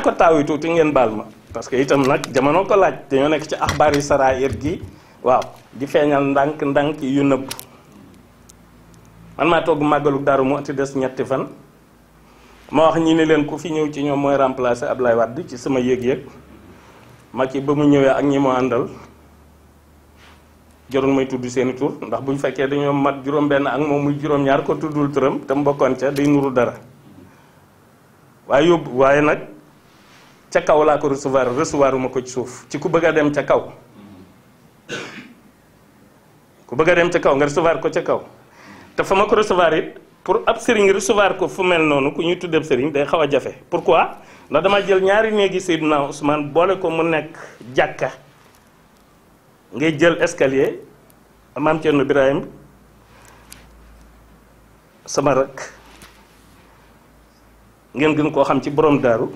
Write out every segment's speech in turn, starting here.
aku ko itu yi tuuti ngeen baal ma parce que itam nag jamono ko laaj dañoo nekk ci axbaari sarayir gi waaw di feeñal ndànk ndànk yu nëbb man maa togg màggalu daru mu ati des ñetti fan ma wax ñi ne leen ku fi ñëw ci ñoom mooy remplacer Ablaye Wade ci sama yëg-yëg ba mu ñëwee ak ñi mu àndal jarul may tudd seeni tur ndax fekkee mat juróom-benn ak moom muy juróom-ñaar ko tuddul turam te mu ca day nuru dara waaye yóbbu waaye ca kaw laa ko recevoir recevoiruma ko ci suuf ci ku bëgg a dem ca kaw ku bëgg a dem ca kaw nga recevoir ko ca kaw te fa ma ko recevoir it pour ab sëriñ recevoir ko fu mel noonu ku ñuy tuddee sëriñ day xaw a jafe pourquoi ndax dama jël ñaari néegi naa Ousmane boole ko mu nekk jàkka ngay jël escalier maam Thierno Birahim sama rakk ngeen gën koo xam ci borom daaru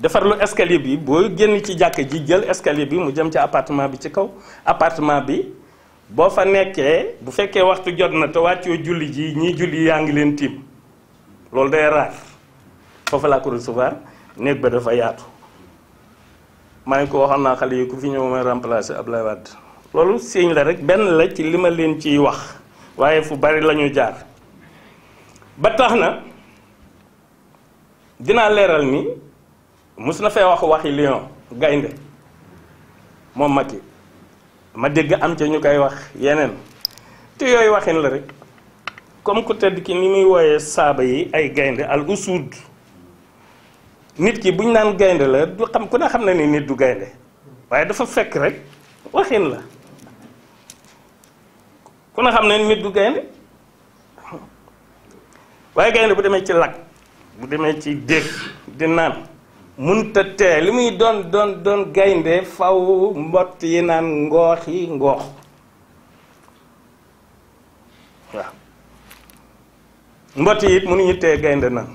defarlu escalier bi boo génn ci jàkk ji jël escalier bi mu jëm ci appartement bi ci kaw apartement bi boo fa nekkee bu fekkee waxtu jot na te wàccoo julli ji ñii julli yaa ngi leen tiim loolu day raar foofu laa ko recevoir néeg ba dafa yaatu ma ne ko waxoon naa xale yi ku fi ñëw may remplacer Ablaye Wade loolu signe la rek benn la ci li ma leen ciy wax waaye fu bari lañuy jaar ba tax na dinaa leeral ni mus na fee wax waxi lion gaynde moom Macky ma dégg am ca ñu koy wax yeneen te yooyu waxin la rek comme ku tëdd ki ni muy wooyee saaba yi ay gaynde al usud nit ki buñ naan gaynde la du xam ku ne xam na ni nit du gaynde waaye dafa fekk rek waxin la ku ne xam ne nit du gaynde waaye gaynde bu demee ci lag bu demee ci déeg di naan munta tee li muy doon doon doon gaynde faw mbott yi naan ngoox yi ngoox waa mbott yi it mënuñu tee gaynde naan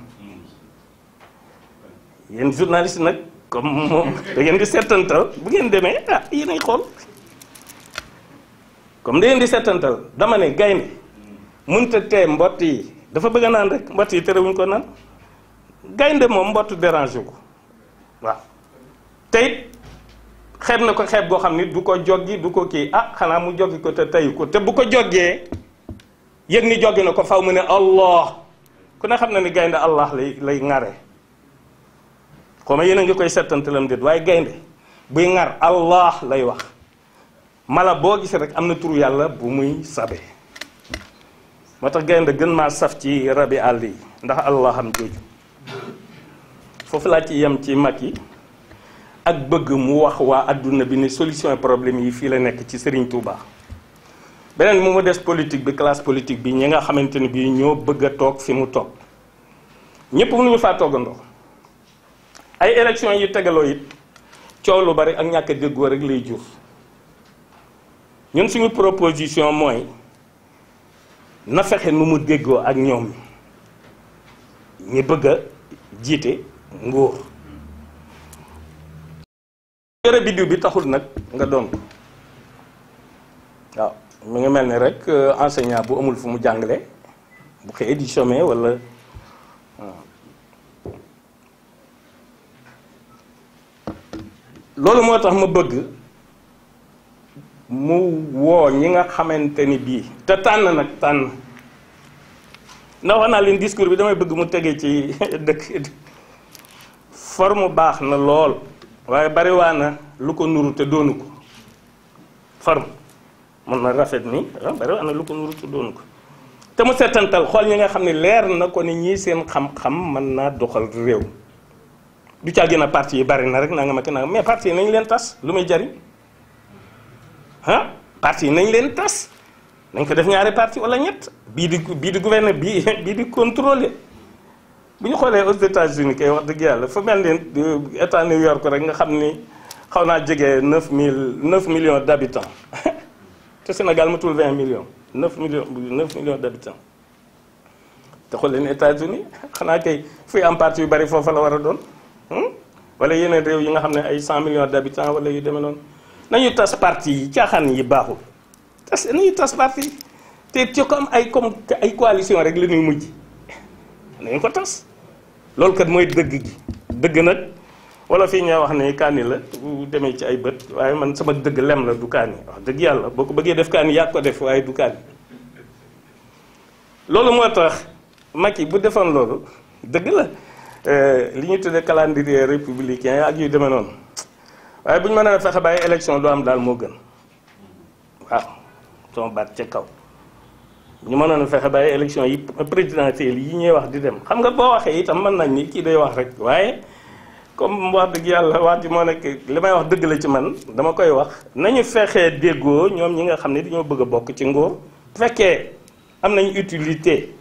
yéen journaliste nag comme moom da di settantal bu ngeen demee ah yéen comme da di settantal dama ne gaynde munta tee mbott yi dafa bëgg naan rek mbott yi terewuñ ko naan gaynde moom mbott dérange ko waaw te it xeeb na ko xeeb goo xam ni du ko joggi du ko kii ah xanaa mu joggi ko te tayu ko te bu ko joggee yëg ni joggi na ko faw mu ne allah ku ne xam na ni gaynde allah lay lay nare xaw ma yéen a ngi koy settantalam déet waaye gaynde buy ŋar allah lay wax mala boo gisee rek am na turu yàlla bu muy sabe moo tax gaynde gën maa saf ci rabi àll yi ndax allah am jooju fofu la ci yam ci mag ak bëgg mu wax wa aduna bi ni solution problème yi fi la politik, ci Serigne Touba. benen mu mu des politique bi classe politique bi ñi nga ni ñoo bëgg tok fi mu ay élection yi tégaloo it coow lu bari ak ñàkk a déggoo rek lay jur ñun suñu proposition mooy na fexe nu mu déggoo ak ñoom ñi bëgg nguur yere bidiw bi taxul nak nga don ko waaw mu ngi melni rek euh, enseignant bu amul fu mu jangale bu xey di chomé wala loolu motax ma bëgg mu wo ñi nga xamanteni bi ta tan nak tan na wana wax discours bi damay bëgg mu téggé ci dëkk forme baax na lool waaye bariwaa na lu ko nuru te doonu ko forme mën na rafet ni bariwaa na lu ko nuru te doonu ko te mu setantal xool ñi nga xam ne leer na ko ni ñii seen xam-xam mën naa doxal réew du caa gën a parti yi bari na rek nangam, nga ma mais parti yi nañ leen tas lu muy jariñ ha parti yi nañ leen tas nañ ko def ñaari parti wala ñett bii di bii di gouverner bii bii di contrôler Si xolé aux États-Unis kay wax deug fa mel euh, état New York rek nga millions d'habitants. té Sénégal matul 20 millions 9 millions d'habitants. millions États-Unis xana kay fuy am parti yu bari la wara a hmm wala millions d'habitants. wala yu vous non nañu parti ci yi baaxul tass nañu un parti té ci comme ay comme ay coalition rek la mujj ko loolu kat mooy dëgg gi dëgg nag wala fii ñaa wax ne kaani la bu demee ci ay bët waaye man sama dëgg lem la du kaani wax dëgg yàlla boo ko bëggee def kaani yaa ko def waaye du kaani loolu moo tax Macky bu defoon loolu dëgg la euh, li ñuy tuddee calendrier républicain ak yu demee noonu waaye bu ñu mën a fexe bàyyi élection du am daal moo gën waaw sama baat ca kaw ñu mënoon fexe bàyyi élection yi présidentielle yi ñuy wax di dem xam nga boo waxee itam mën nañ ni kii day wax rek waaye comme wax dëgg yàlla wax ji moo nekk li may wax dëgg la ci man dama koy wax nañu fexee déggoo ñoom ñi nga xam ne dañoo bëgg a bokk ci nguur fekkee am nañ utilité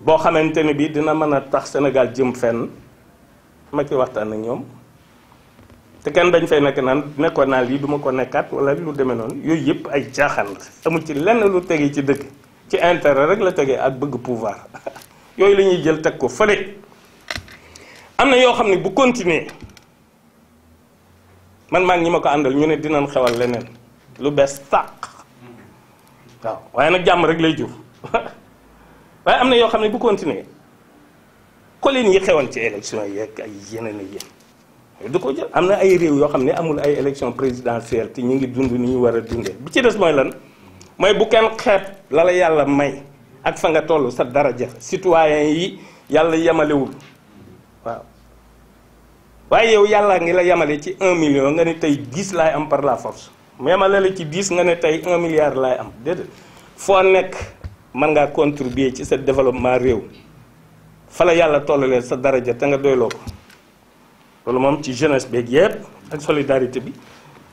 boo xamante bi dina mën a tax Sénégal jëm fenn ma ci waxtaan ak ñoom te kenn dañ fay nekk naan nekkoon naa lii du ma ko nekkaat wala lu demee noonu yooyu yëpp ay jaaxaan la amul ci lenn lu tegee ci dëgg ci intérêt rek la tegee ak bëgg pouvoir yooyu lañuy jël teg ko fële am na yoo xam ne bu continuer man maa ngi ñi ma ko àndal ñu ne dinañ xewal leneen lu bees tàq waaw waaye nag jàmm rek lay jur waaye am na yoo xam ne bu continuer colline yi xewoon ci élection yi ak ay yeneen ak yeneen du ko jël am na ay réew yoo xam ne amul ay élection présidentielle te ñu ngi dund ni ñu war a dundee bi ci des mooy lan mooy bu kenn xeeb la la yàlla may ak fa nga toll sa daraja citoyen yi yàlla yemalewul waaw waaye yow yàlla ngi la yemale ci un million nga ne tey dix laay am par la force mu yemale la ci dix nga milliard am contribuer ci sa développement réew fa la sa nga ko loolu moom ci jeunesse beeg yëpp ak solidarité bi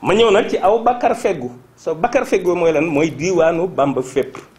ma ñëw nag ci aw Bakar Feggu so Bakar Feggu mooy lan mooy diwaanu Bamba fépp